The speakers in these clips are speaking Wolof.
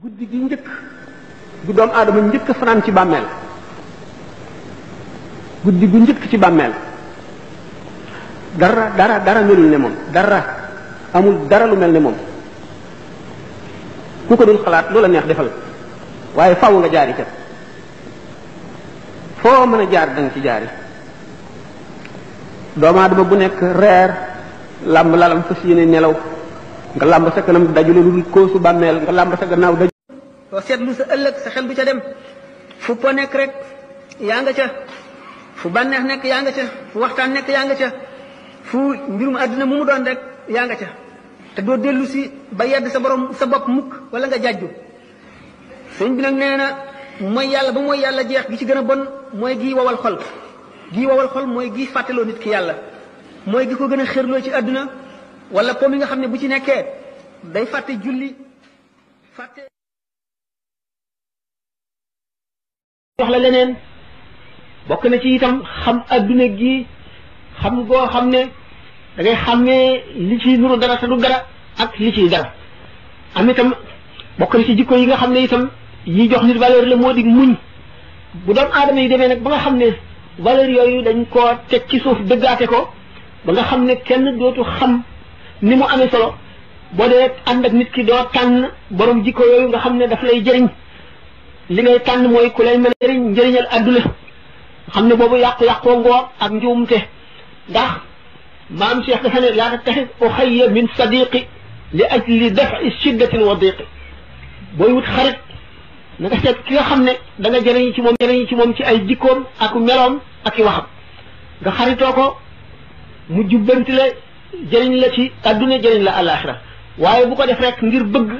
guddi gi njëkk gu doom aadama njëkk fanaan ci bàmmeel guddi gu njëkk ci bàmmeel dara dara dara melul ne moom dara amul dara lu mel ne moom ku ko dul xalaat loola neex defal waaye faaw nga jaari ca foo mën a jaar da nga ci jaari doomu aadama bu nekk reer lamb lalam fas yéene nelaw nga lamb sa kanam dajule lu koosu bàmmeel nga lamb sa gannaaw seet lu sa ëllëg sa xel du ca dem fu po nekk rek yaa nga ca fu bànneex nekk yaa nga ca fu waxtaan nekk yaa nga ca fu mbirum àdduna mu mu doon rek yaa nga ca te doo dellu si ba yedd sa borom sa bopp mukk wala nga jàjju sëñ bi nag nee na mooy yàlla ba mooy yàlla jeex gi ci gën a bon mooy gi wawal xol gi wawal xol mooy gi fàttaloo nit ki yàlla mooy gi ko gën a xërloo ci àdduna wala po mi nga xam ne bu ci nekkee day fàtte julli fàtte jox la leneen bokk na ci itam xam adduna gi xam goo xam ne dangay xam xàmmee li ciy nuru dara te du dara ak li ciy dara am itam bokk na ci jikko yi nga xam ne itam yi jox nit valeur la moo di muñ bu doom aadama yi demee nag ba nga xam ne valeur yooyu dañ koo teg ci suuf dëggaate ko ba nga xam ne kenn dootu xam ni mu amee solo boo dee am ak nit ki doo tànn borom jikko yooyu nga xam ne daf lay jëriñ li ngay tànn mooy ku lay mel a jëriñal àdduna xam ne boobu yàqu-yàqoo ngoor ak njuumte ndax maam cheikh dafa ne laa tattaxis uxayya min sadiqi li ajli dafi shiddatin wa diqi booy wut xarit na nga seet ki nga xam ne da nga jëriñ ci moom jëriñ ci moom ci ay jikkoom ak meloom ak i waxam nga xaritoo ko mu jubbanti la jëriñ la ci àdduna jëriñ la àllaaxira waaye bu ko def rek ngir bëgg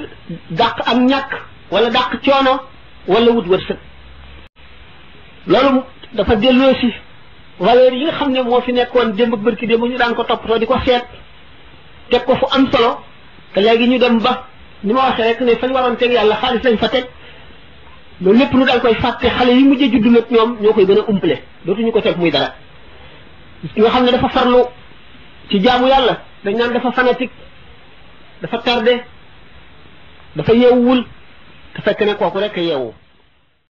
dàq am ñàkk wala dàq coono wala wut wërsëg loolu dafa delloo si valeur yi nga xam ne moo fi nekkoon démb ak bërki démb ñu daan ko toppatoo di ko seet teg ko fu am solo te léegi ñu dem ba ni ma waxee rek ne fañ waroon teg yàlla xaalis lañ fa teg loolu lépp nu daal koy fàtte xale yi mujj juddu nag ñoom ñoo koy gën a umpale ñu ko teg muy dara nga xam ne dafa farlu ci jaamu yàlla dañ naan dafa fanatique dafa tarde dafa yeewul te fekk ne kooku rek yeewu